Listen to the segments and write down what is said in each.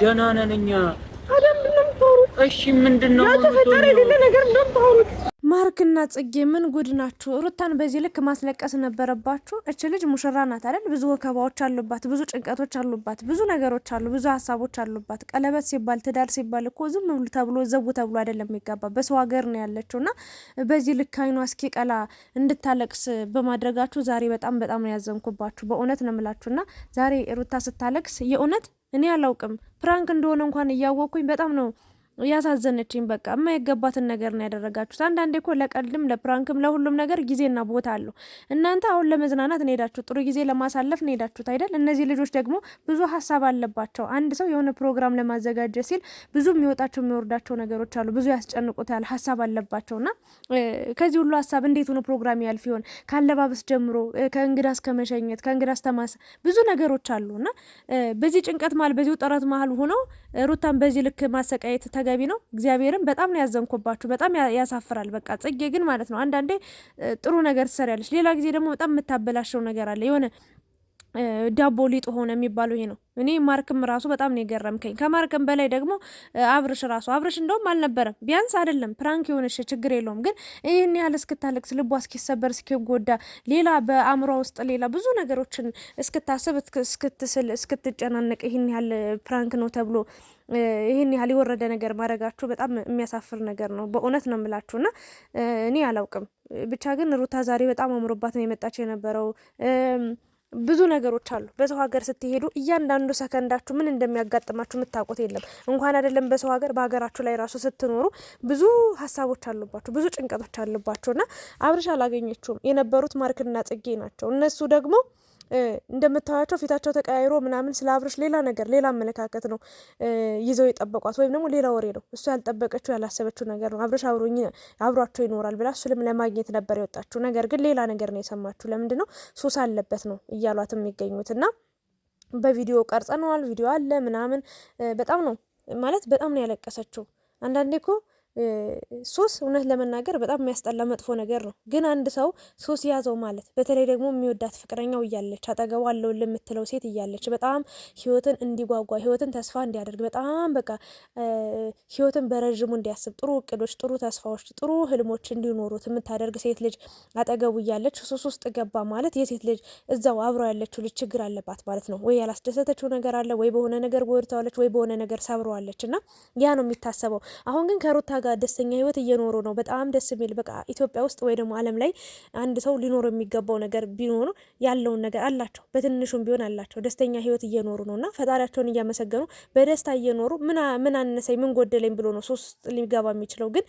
ደህና ነን እኛ። እሺ ምንድን ነው ተፈጠረ? የሌለ ነገር እንደምታወሩት ማርክና ጽጌ ምን ጉድ ናችሁ? ሩታን በዚህ ልክ ማስለቀስ ነበረባችሁ? እች ልጅ ሙሽራ ናት አይደል? ብዙ ወከባዎች አሉባት፣ ብዙ ጭንቀቶች አሉባት፣ ብዙ ነገሮች አሉ፣ ብዙ ሀሳቦች አሉባት። ቀለበት ሲባል ትዳር ሲባል እኮ ዝም ብሎ ተብሎ ዘቡ ተብሎ አይደለም የሚጋባ በሰው ሀገር ነው ያለችው እና በዚህ ልክ አይኗ እስኪ ቀላ እንድታለቅስ በማድረጋችሁ ዛሬ በጣም በጣም ነው ያዘንኩባችሁ። በእውነት ነው የምላችሁ እና ዛሬ ሩታ ስታለቅስ የእውነት እኔ አላውቅም። ፕራንክ እንደሆነ እንኳን እያወቅኩኝ በጣም ነው እያሳዘነችኝ በቃ የማይገባትን ነገር ነው ያደረጋችሁት። አንዳንዴ እኮ ለቀልድም ለፕራንክም ለሁሉም ነገር ጊዜና ቦታ አለው። እናንተ አሁን ለመዝናናት ነው ሄዳችሁት፣ ጥሩ ጊዜ ለማሳለፍ ነው ሄዳችሁት አይደል? እነዚህ ልጆች ደግሞ ብዙ ሀሳብ አለባቸው። አንድ ሰው የሆነ ፕሮግራም ለማዘጋጀት ሲል ብዙ የሚወጣቸው የሚወርዳቸው ነገሮች አሉ። ብዙ ያስጨንቁታል፣ ሀሳብ አለባቸውና ከዚህ ሁሉ ሀሳብ እንዴት ሆኖ ፕሮግራም ያልፍ ይሆን? ካለባበስ ጀምሮ ከእንግዳ እስከ መሸኘት፣ ከእንግዳ ብዙ ነገሮች አሉና በዚህ ጭንቀት መሀል፣ በዚህ ውጥረት መሀል ሆነው ሩታን በዚህ ልክ ማሰቃየት ተገቢ ነው። እግዚአብሔርም በጣም ነው ያዘንኩባችሁ፣ በጣም ያሳፍራል። በቃ ጽጌ ግን ማለት ነው አንዳንዴ ጥሩ ነገር ትሰሪያለች፣ ሌላ ጊዜ ደግሞ በጣም የምታበላሸው ነገር አለ የሆነ ዳቦ ሊጡ ሆነ የሚባለው ይሄ ነው። እኔ ማርክም ራሱ በጣም ነው የገረምከኝ። ከማርክም በላይ ደግሞ አብርሽ ራሱ አብርሽ እንደውም አልነበረም ቢያንስ አይደለም ፕራንክ የሆነሽ ችግር የለውም ግን ይህን ያህል እስክታለቅስ ልቧ እስኪሰበር እስኪጎዳ ሌላ በአእምሯ ውስጥ ሌላ ብዙ ነገሮችን እስክታስብ እስክትስል እስክትጨናነቅ ይህን ያህል ፕራንክ ነው ተብሎ ይህን ያህል የወረደ ነገር ማድረጋችሁ በጣም የሚያሳፍር ነገር ነው። በእውነት ነው እና እኔ አላውቅም። ብቻ ግን ሩታ ዛሬ በጣም አምሮባት ነው የመጣችው የነበረው። ብዙ ነገሮች አሉ። በሰው ሀገር ስትሄዱ እያንዳንዱ ሰከንዳችሁ ምን እንደሚያጋጥማችሁ የምታውቁት የለም። እንኳን አይደለም በሰው ሀገር፣ በሀገራችሁ ላይ ራሱ ስትኖሩ ብዙ ሀሳቦች አሉባችሁ፣ ብዙ ጭንቀቶች አሉባችሁ እና አብርሽ አላገኘችውም። የነበሩት ማርክና ጽጌ ናቸው። እነሱ ደግሞ እንደምታያቸው ፊታቸው ተቀያይሮ ምናምን ስለ አብርሽ ሌላ ነገር ሌላ አመለካከት ነው ይዘው የጠበቋት፣ ወይም ደግሞ ሌላ ወሬ ነው እሱ ያልጠበቀችው ያላሰበችው ነገር ነው። አብርሽ አብሯቸው ይኖራል ብላ እሱንም ለማግኘት ነበር የወጣችው። ነገር ግን ሌላ ነገር ነው የሰማችሁ። ለምንድን ነው ሱስ አለበት ነው እያሏት የሚገኙት እና በቪዲዮ ቀርጸነዋል፣ ቪዲዮ አለ ምናምን። በጣም ነው ማለት በጣም ነው ያለቀሰችው አንዳንዴ እኮ ሱስ እውነት ለመናገር በጣም የሚያስጠላ መጥፎ ነገር ነው። ግን አንድ ሰው ሱስ ያዘው ማለት በተለይ ደግሞ የሚወዳት ፍቅረኛው እያለች አጠገቡ አለው ለምትለው ሴት እያለች በጣም ህይወትን እንዲጓጓ ህይወትን ተስፋ እንዲያደርግ በጣም በቃ ህይወትን በረዥሙ እንዲያስብ ጥሩ እቅዶች፣ ጥሩ ተስፋዎች፣ ጥሩ ህልሞች እንዲኖሩት የምታደርግ ሴት ልጅ አጠገቡ እያለች ሱስ ውስጥ ገባ ማለት የሴት ልጅ እዛው አብሮ ያለችው ልጅ ችግር አለባት ማለት ነው። ወይ ያላስደሰተችው ነገር አለ፣ ወይ በሆነ ነገር ጎድታዋለች፣ ወይ በሆነ ነገር ሰብረዋለች እና ያ ነው የሚታሰበው። አሁን ግን ከሩታ ጋር ጋር ደስተኛ ህይወት እየኖሩ ነው። በጣም ደስ የሚል በቃ ኢትዮጵያ ውስጥ ወይ ደግሞ ዓለም ላይ አንድ ሰው ሊኖረው የሚገባው ነገር ቢኖሩ ያለውን ነገር አላቸው። በትንሹም ቢሆን አላቸው። ደስተኛ ህይወት እየኖሩ ነው እና ፈጣሪያቸውን እያመሰገኑ በደስታ እየኖሩ ምን አነሰኝ ምን ጎደለኝ ብሎ ነው ሶስት ሊገባ የሚችለው ግን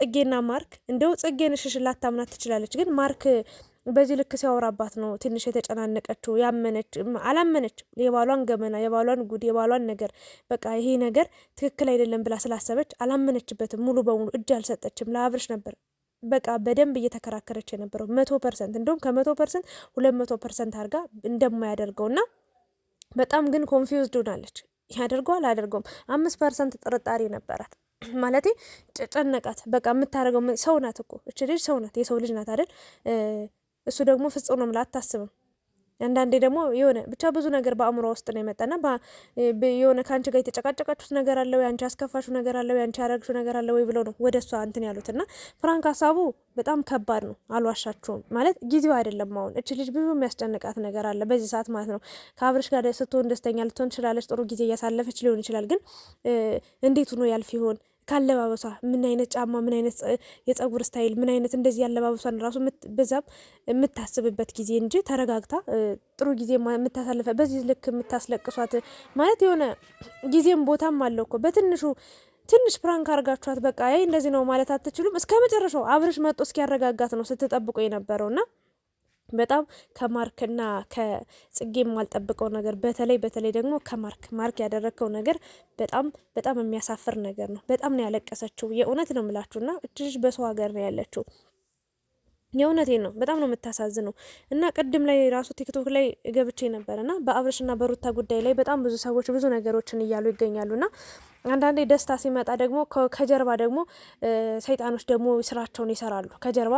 ጽጌና ማርክ እንደው ጽጌን ሽሽ ላታምናት ትችላለች ግን ማርክ በዚህ ልክ ሲያወራባት ነው ትንሽ የተጨናነቀችው። ያመነች አላመነች የባሏን ገመና የባሏን ጉድ የባሏን ነገር በቃ ይሄ ነገር ትክክል አይደለም ብላ ስላሰበች አላመነችበትም። ሙሉ በሙሉ እጅ አልሰጠችም። ለአብርሽ ነበር በቃ በደንብ እየተከራከረች የነበረው መቶ ፐርሰንት እንዲሁም ከመቶ ፐርሰንት ሁለት መቶ ፐርሰንት አድርጋ እንደማያደርገውና በጣም ግን ኮንፊውዝድ ሆናለች። ያደርገው አላደርገውም አምስት ፐርሰንት ጥርጣሬ ነበራት። ማለቴ ጨነቃት። በቃ የምታደርገው ሰው ናት እኮ እች ልጅ ሰው ናት፣ የሰው ልጅ ናት አይደል እሱ ደግሞ ፍጹም ነው ብላ አታስብም። አንዳንዴ ደግሞ የሆነ ብቻ ብዙ ነገር በአእምሮ ውስጥ ነው የመጣና የሆነ ከአንቺ ጋር የተጨቃጨቃችሁት ነገር አለ ወይ አንቺ ያስከፋሽው ነገር አለ ወይ አንቺ ያረግሽው ነገር አለ ወይ ብለው ነው ወደ እሷ እንትን ያሉት። እና ፍራንክ ሀሳቡ በጣም ከባድ ነው፣ አልዋሻችሁም። ማለት ጊዜው አይደለም አሁን እች ልጅ ብዙ የሚያስጨንቃት ነገር አለ በዚህ ሰዓት ማለት ነው። ከአብርሽ ጋር ስትሆን ደስተኛ ልትሆን ትችላለች፣ ጥሩ ጊዜ እያሳለፈች ሊሆን ይችላል። ግን እንዴት ሆኖ ያልፍ ይሆን ካለባበሷ ምን አይነት ጫማ፣ ምን አይነት የጸጉር ስታይል፣ ምን አይነት እንደዚህ ያለባበሷን ራሱ በዛም የምታስብበት ጊዜ እንጂ ተረጋግታ ጥሩ ጊዜ የምታሳልፈ በዚህ ልክ የምታስለቅሷት ማለት የሆነ ጊዜም ቦታም አለው እኮ በትንሹ ትንሽ ፕራንክ አርጋችኋት በቃ እንደዚህ ነው ማለት አትችሉም። እስከ መጨረሻው አብርሽ መጦ እስኪያረጋጋት ነው ስትጠብቆ የነበረውና በጣም ከማርክና ከጽጌ የማልጠብቀው ነገር በተለይ በተለይ ደግሞ ከማርክ ማርክ ያደረግከው ነገር በጣም በጣም የሚያሳፍር ነገር ነው። በጣም ነው ያለቀሰችው። የእውነት ነው የምላችሁና እችሽ በሰው ሀገር ነው ያለችው። የእውነቴ ነው። በጣም ነው የምታሳዝነው። እና ቅድም ላይ ራሱ ቲክቶክ ላይ ገብቼ ነበር እና በአብርሽና በሩታ ጉዳይ ላይ በጣም ብዙ ሰዎች ብዙ ነገሮችን እያሉ ይገኛሉና አንዳንዴ ደስታ ሲመጣ ደግሞ ከጀርባ ደግሞ ሰይጣኖች ደግሞ ስራቸውን ይሰራሉ። ከጀርባ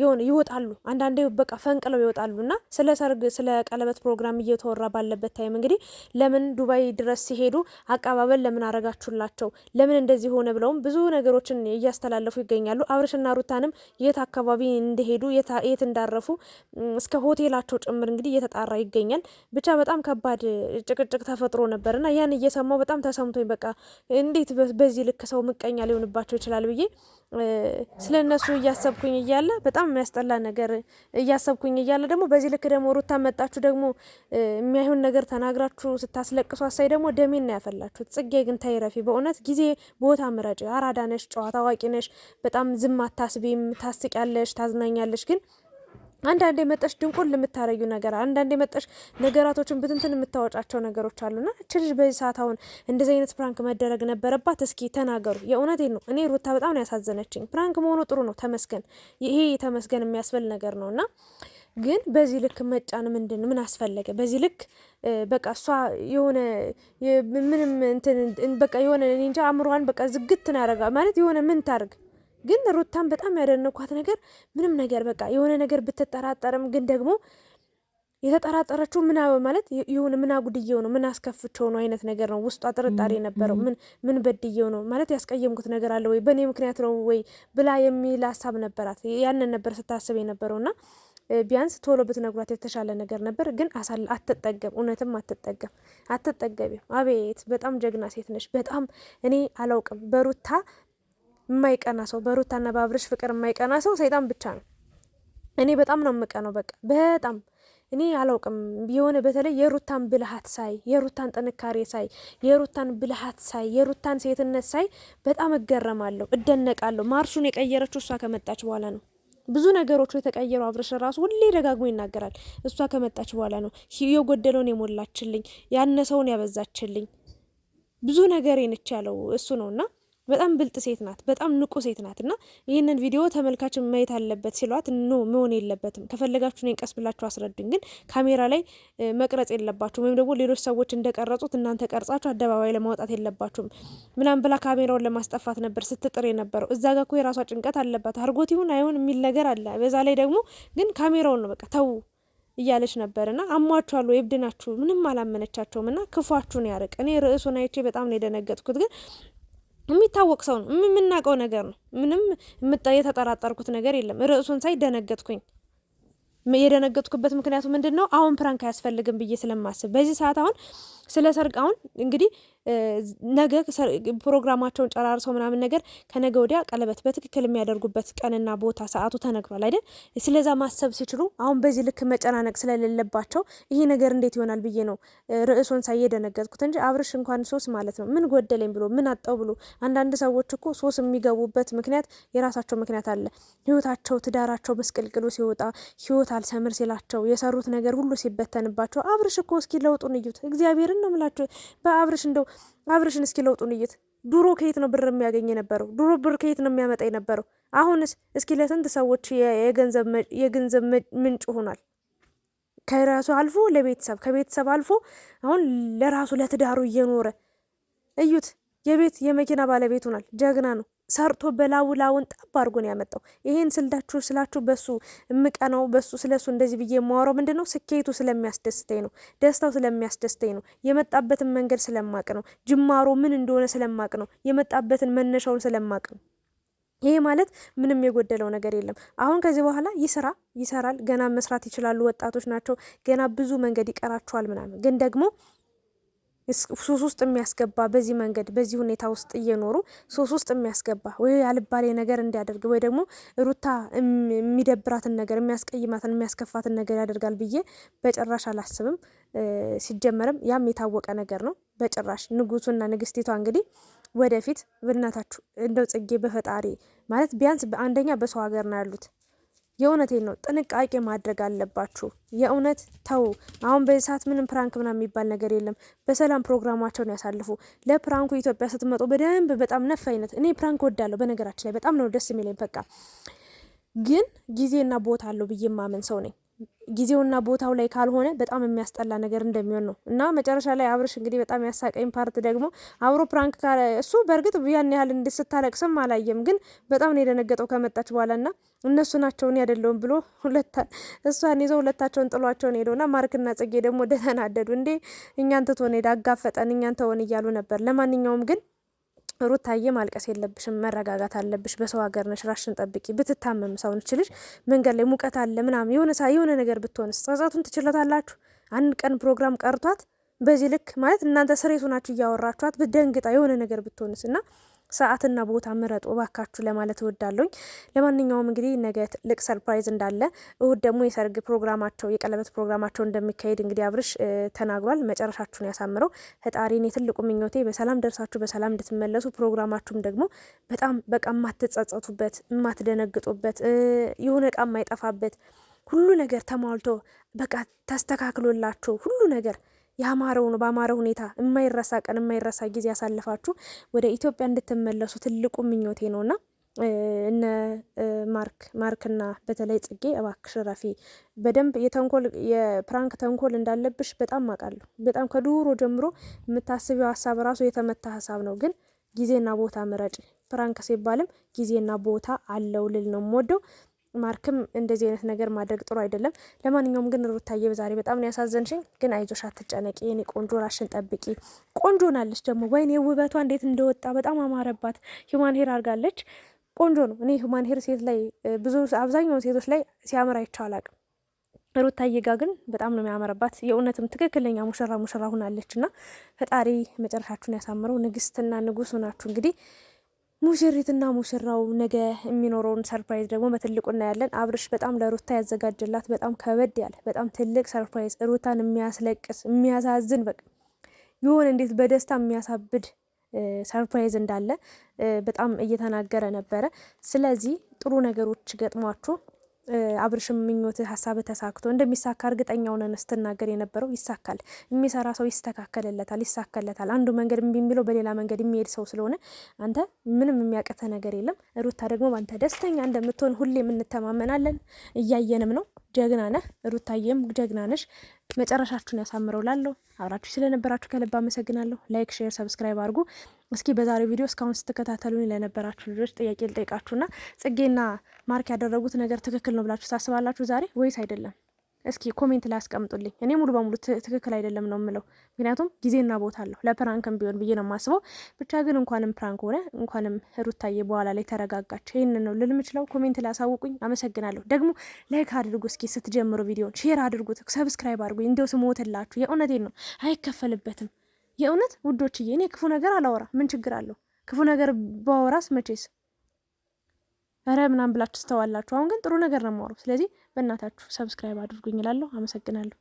የሆነ ይወጣሉ። አንዳንዴ በቃ ፈንቅለው ይወጣሉ እና ስለ ሰርግ፣ ስለ ቀለበት ፕሮግራም እየተወራ ባለበት ታይም እንግዲህ ለምን ዱባይ ድረስ ሲሄዱ አቀባበል ለምን አረጋችሁላቸው፣ ለምን እንደዚህ ሆነ ብለውም ብዙ ነገሮችን እያስተላለፉ ይገኛሉ። አብርሽና ሩታንም የት አካባቢ እንደሄዱ የት እንዳረፉ እስከ ሆቴላቸው ጭምር እንግዲህ እየተጣራ ይገኛል። ብቻ በጣም ከባድ ጭቅጭቅ ተፈጥሮ ነበርና ያን እየሰማው በጣም ተሰምቶኝ በቃ እንዴት በዚህ ልክ ሰው ምቀኛ ሊሆንባቸው ይችላል ብዬ ስለ እነሱ እያሰብኩኝ እያለ በጣም የሚያስጠላ ነገር እያሰብኩኝ እያለ ደግሞ በዚህ ልክ ደግሞ ሩታ መጣችሁ ደግሞ የሚያይሆን ነገር ተናግራችሁ ስታስለቅሱ አሳይ ደግሞ ደሜን ነው ያፈላችሁት። ጽጌ ግን ታይረፊ በእውነት ጊዜ ቦታ ምረጭ። አራዳ ነሽ፣ ጨዋታ አዋቂ ነሽ። በጣም ዝም አታስቢም። ታስቂያለሽ፣ ታዝናኛለሽ ግን አንዳንድ የመጠሽ ድንቁን ልምታረዩ ነገር አንዳንድ የመጠሽ ነገራቶችን ብትንትን የምታወጫቸው ነገሮች አሉና እች ልጅ በዚህ ሰዓት አሁን እንደዚህ አይነት ፕራንክ መደረግ ነበረባት? እስኪ ተናገሩ። የእውነቴን ነው። እኔ ሩታ በጣም ነው ያሳዘነችኝ። ፕራንክ መሆኑ ጥሩ ነው፣ ተመስገን። ይሄ ተመስገን የሚያስበል ነገር ነው እና ግን በዚህ ልክ መጫን ምንድን ምን አስፈለገ? በዚህ ልክ በቃ እሷ የሆነ ምንም በቃ የሆነ እንጃ አእምሯን በቃ ዝግት ነው ማለት የሆነ ምን ታርግ ግን ሩታን በጣም ያደነኳት ነገር ምንም ነገር በቃ የሆነ ነገር ብትጠራጠርም ግን ደግሞ የተጠራጠረችው ምና ማለት የሆነ ምና ጉድየው ነው ምን አስከፍቸው ነው አይነት ነገር ነው። ውስጧ ጥርጣሬ ነበረው። ምን ምን በድየው ነው ማለት ያስቀየምኩት ነገር አለ ወይ በእኔ ምክንያት ነው ወይ ብላ የሚል ሀሳብ ነበራት። ያንን ነበር ስታስብ የነበረውና ቢያንስ ቶሎ ብትነግሯት የተሻለ ነገር ነበር። ግን አሳል አትጠገም፣ እውነትም አትጠገም፣ አትጠገቢም። አቤት በጣም ጀግና ሴት ነች። በጣም እኔ አላውቅም በሩታ የማይቀና ሰው በሩታና በአብርሽ ፍቅር የማይቀና ሰው ሰይጣን ብቻ ነው። እኔ በጣም ነው የምቀነው። በቃ በጣም እኔ አላውቅም። የሆነ በተለይ የሩታን ብልሃት ሳይ፣ የሩታን ጥንካሬ ሳይ፣ የሩታን ብልሃት ሳይ፣ የሩታን ሴትነት ሳይ በጣም እገረማለሁ፣ እደነቃለሁ። ማርሹን የቀየረችው እሷ ከመጣች በኋላ ነው። ብዙ ነገሮቹ የተቀየሩ አብርሽ ራሱ ሁሌ ደጋግሞ ይናገራል። እሷ ከመጣች በኋላ ነው የጎደለውን የሞላችልኝ፣ ያነሰውን ያበዛችልኝ ብዙ ነገር ነች ያለው እሱ ነውና በጣም ብልጥ ሴት ናት፣ በጣም ንቁ ሴት ናት እና ይህንን ቪዲዮ ተመልካችን ማየት አለበት ሲሏት ኖ መሆን የለበትም ከፈለጋችሁ እኔን ቀስ ብላችሁ አስረዱኝ፣ ግን ካሜራ ላይ መቅረጽ የለባችሁም ወይም ደግሞ ሌሎች ሰዎች እንደቀረጹት እናንተ ቀርጻችሁ አደባባይ ለማውጣት የለባችሁም ምናም ብላ ካሜራውን ለማስጠፋት ነበር ስትጥር የነበረው። እዛ ጋ እኮ የራሷ ጭንቀት አለባት። አርጎት ይሁን አይሆን የሚል ነገር አለ። በዛ ላይ ደግሞ ግን ካሜራውን ነው በቃ ተዉ እያለች ነበር እና አሟችኋል፣ እብድ ናችሁ፣ ምንም አላመነቻቸውም እና ክፏችሁን ያርቅ። እኔ ርዕሱን አይቼ በጣም ነው የደነገጥኩት ግን የሚታወቅ ሰው ነው፣ የምናውቀው ነገር ነው። ምንም የተጠራጠርኩት ነገር የለም። ርዕሱን ሳይ ደነገጥኩኝ። የደነገጥኩበት ምክንያቱ ምንድን ነው? አሁን ፕራንክ አያስፈልግም ብዬ ስለማስብ በዚህ ሰዓት አሁን ስለ ሰርግ አሁን እንግዲህ ነገ ፕሮግራማቸውን ጨራርሰው ምናምን ነገር ከነገ ወዲያ ቀለበት በትክክል የሚያደርጉበት ቀንና ቦታ ሰዓቱ ተነግሯል አይደል? ስለዛ ማሰብ ሲችሉ አሁን በዚህ ልክ መጨናነቅ ስለሌለባቸው ይሄ ነገር እንዴት ይሆናል ብዬ ነው ርዕሱን ሳየደነገጥኩት እንጂ አብርሽ እንኳን ሶስ ማለት ነው ምን ጎደለኝ ብሎ ምን አጣው ብሎ አንዳንድ ሰዎች እኮ ሶስ የሚገቡበት ምክንያት የራሳቸው ምክንያት አለ። ህይወታቸው፣ ትዳራቸው ምስቅልቅሉ ሲወጣ ህይወት አልሰምር ሲላቸው የሰሩት ነገር ሁሉ ሲበተንባቸው አብርሽ እኮ እስኪ ለውጡን እዩት። እግዚአብሔርን ነው ምላቸው በአብርሽ እንደው አብርሽን እስኪ ለውጡን እይት። ድሮ ከየት ነው ብር የሚያገኝ የነበረው? ድሮ ብር ከየት ነው የሚያመጣ የነበረው? አሁንስ እስኪ ለስንት ሰዎች የገንዘብ ምንጭ ሆኗል። ከራሱ አልፎ ለቤተሰብ ከቤተሰብ አልፎ አሁን ለራሱ ለትዳሩ እየኖረ እዩት። የቤት የመኪና ባለቤት ሆኗል። ጀግና ነው። ሰርቶ በላውላውን ጣብ አድርጎ ነው ያመጣው። ይሄን ስልዳችሁ ስላችሁ በሱ እምቀናው በሱ ስለሱ እንደዚህ ብዬ የማወራው ምንድን ነው ስኬቱ ስለሚያስደስተኝ ነው፣ ደስታው ስለሚያስደስተኝ ነው፣ የመጣበትን መንገድ ስለማቅ ነው፣ ጅማሮ ምን እንደሆነ ስለማቅ ነው፣ የመጣበትን መነሻውን ስለማቅ ነው። ይሄ ማለት ምንም የጎደለው ነገር የለም። አሁን ከዚህ በኋላ ይስራ ይሰራል። ገና መስራት ይችላሉ። ወጣቶች ናቸው። ገና ብዙ መንገድ ይቀራቸዋል ምናምን ግን ደግሞ ሱስ ውስጥ የሚያስገባ በዚህ መንገድ በዚህ ሁኔታ ውስጥ እየኖሩ ሱስ ውስጥ የሚያስገባ ወይ ያልባሌ ነገር እንዲያደርግ ወይ ደግሞ ሩታ የሚደብራትን ነገር የሚያስቀይማትን የሚያስከፋትን ነገር ያደርጋል ብዬ በጭራሽ አላስብም። ሲጀመርም ያም የታወቀ ነገር ነው። በጭራሽ ንጉሱና ንግስቲቷ እንግዲህ ወደፊት ብናታችሁ እንደው ጽጌ በፈጣሪ ማለት ቢያንስ በአንደኛ በሰው ሀገር ነው ያሉት የእውነቴን ነው። ጥንቃቄ ማድረግ አለባችሁ። የእውነት ተው። አሁን በዚህ ሰዓት ምንም ፕራንክ ምናምን የሚባል ነገር የለም። በሰላም ፕሮግራማቸውን ያሳልፉ። ለፕራንኩ ኢትዮጵያ ስትመጡ በደንብ በጣም ነፍ አይነት እኔ ፕራንክ ወዳለሁ። በነገራችን ላይ በጣም ነው ደስ የሚለኝ። በቃ ግን ጊዜና ቦታ አለው ብዬ ማመን ሰው ነኝ። ጊዜውና ቦታው ላይ ካልሆነ በጣም የሚያስጠላ ነገር እንደሚሆን ነው እና መጨረሻ ላይ አብርሽ እንግዲህ በጣም ያሳቀኝ ፓርት ደግሞ አብሮ ፕራንክ ካለ እሱ በእርግጥ ያን ያህል እንድስታለቅስም አላየም፣ ግን በጣም ነው የደነገጠው ከመጣች በኋላ ና እነሱ ናቸው እኔ አይደለሁም ብሎ እሷን ይዘው ሁለታቸውን ጥሏቸውን ሄደውና ማርክና ጽጌ ደግሞ ደተናደዱ እንዴ እኛን ትቶን ሄደ አጋፈጠን እኛን ተወን እያሉ ነበር። ለማንኛውም ግን ሩታዬ ማልቀስ የለብሽም፣ መረጋጋት አለብሽ። በሰው ሀገር ነሽ፣ ራሽን ጠብቂ። ብትታመም ሰው ንችልሽ መንገድ ላይ ሙቀት አለ ምናምን የሆነ ሳ የሆነ ነገር ብትሆንስ ጸጸቱን ትችለታላችሁ። አንድ ቀን ፕሮግራም ቀርቷት በዚህ ልክ ማለት እናንተ ስሬቱ ናችሁ እያወራችኋት ብደንግጣ የሆነ ነገር ብትሆንስ እና ሰዓትና ቦታ ምረጡ እባካችሁ ለማለት እወዳለሁኝ። ለማንኛውም እንግዲህ ነገ ትልቅ ሰርፕራይዝ እንዳለ፣ እሁድ ደግሞ የሰርግ ፕሮግራማቸው የቀለበት ፕሮግራማቸው እንደሚካሄድ እንግዲህ አብርሽ ተናግሯል። መጨረሻችሁን ያሳምረው ፈጣሪን የትልቁ ትልቁ ምኞቴ በሰላም ደርሳችሁ በሰላም እንድትመለሱ ፕሮግራማችሁም ደግሞ በጣም በቃ የማትጸጸቱበት የማትደነግጡበት የሆነ እቃ የማይጠፋበት ሁሉ ነገር ተሟልቶ በቃ ተስተካክሎላችሁ ሁሉ ነገር ያማረውን በአማረ ሁኔታ የማይረሳ ቀን የማይረሳ ጊዜ ያሳልፋችሁ ወደ ኢትዮጵያ እንድትመለሱ ትልቁ ምኞቴ ነው ነውና እነ ማርክ ማርክና በተለይ ጽጌ እባክሽ ረፊ በደንብ የተንኮል የፕራንክ ተንኮል እንዳለብሽ በጣም አውቃለሁ። በጣም ከዱሮ ጀምሮ የምታስቢው ሀሳብ ራሱ የተመታ ሀሳብ ነው። ግን ጊዜና ቦታ ምረጭ። ፕራንክ ሲባልም ጊዜና ቦታ አለው ልል ነው የምወደው። ማርክም እንደዚህ አይነት ነገር ማድረግ ጥሩ አይደለም። ለማንኛውም ግን ሩታዬ በዛሬ በጣም ነው ያሳዘንሽኝ። ግን አይዞሽ አትጨነቂ፣ የኔ ቆንጆ ራሽን ጠብቂ። ቆንጆ ናለች ደግሞ ወይኔ ውበቷ እንዴት እንደወጣ በጣም አማረባት። ሂማን ሄር አድርጋለች። ቆንጆ ነው። እኔ ሂማን ሄር ሴት ላይ ብዙ አብዛኛውን ሴቶች ላይ ሲያምር አይቼው አላቅም። ሩታዬ ጋ ግን በጣም ነው የሚያመረባት። የእውነትም ትክክለኛ ሙሽራ ሙሽራ ሁናለች እና ፈጣሪ መጨረሻችሁን ያሳምረው። ንግስትና ንጉስ ሆናችሁ እንግዲህ ሙሽሪትና ሙሽራው ነገ የሚኖረውን ሰርፕራይዝ ደግሞ በትልቁ እናያለን። አብርሽ በጣም ለሩታ ያዘጋጀላት በጣም ከበድ ያለ በጣም ትልቅ ሰርፕራይዝ ሩታን የሚያስለቅስ የሚያሳዝን በቃ ይሆን እንዴት በደስታ የሚያሳብድ ሰርፕራይዝ እንዳለ በጣም እየተናገረ ነበረ። ስለዚህ ጥሩ ነገሮች ገጥሟችሁ አብርሽም ምኞት ሀሳብ ተሳክቶ እንደሚሳካ እርግጠኛ ሆነን ስትናገር የነበረው ይሳካል። የሚሰራ ሰው ይስተካከልለታል፣ ይሳካለታል። አንዱ መንገድ እምቢ የሚለው በሌላ መንገድ የሚሄድ ሰው ስለሆነ አንተ ምንም የሚያቀተ ነገር የለም። ሩታ ደግሞ በአንተ ደስተኛ እንደምትሆን ሁሌ እንተማመናለን፣ እያየንም ነው። ጀግና ነህ፣ ሩታዬም ጀግና ነሽ። መጨረሻችሁን ያሳምረው ላለሁ አብራችሁ ስለነበራችሁ ከልብ አመሰግናለሁ። ላይክ፣ ሼር፣ ሰብስክራይብ አድርጉ። እስኪ በዛሬው ቪዲዮ እስካሁን ስትከታተሉኝ ለነበራችሁ ልጆች ጥያቄ ልጠይቃችሁና ጽጌና ማርክ ያደረጉት ነገር ትክክል ነው ብላችሁ ታስባላችሁ ዛሬ ወይስ አይደለም? እስኪ ኮሜንት ላይ አስቀምጡልኝ። እኔ ሙሉ በሙሉ ትክክል አይደለም ነው የምለው፣ ምክንያቱም ጊዜና ቦታ አለው ለፕራንክም ቢሆን ብዬ ነው የማስበው። ብቻ ግን እንኳንም ፕራንክ ሆነ እንኳንም ሩታዬ በኋላ ላይ ተረጋጋች። ይህንን ነው ልል የምችለው። ኮሜንት ላይ አሳውቁኝ። አመሰግናለሁ። ደግሞ ላይክ አድርጉ እስኪ ስትጀምሩ ቪዲዮን ሼር አድርጉት፣ ሰብስክራይብ አድርጉኝ። እንዲው ስሞትላችሁ የእውነቴን ነው፣ አይከፈልበትም። የእውነት ውዶችዬ፣ እኔ ክፉ ነገር አላወራ ምን ችግር አለው? ክፉ ነገር በወራስ መቼስ ረ ምናምን ብላችሁ ስተዋላችሁ። አሁን ግን ጥሩ ነገር ነው የማወራው። ስለዚህ በእናታችሁ ሰብስክራይብ አድርጉኝ እላለሁ። አመሰግናለሁ።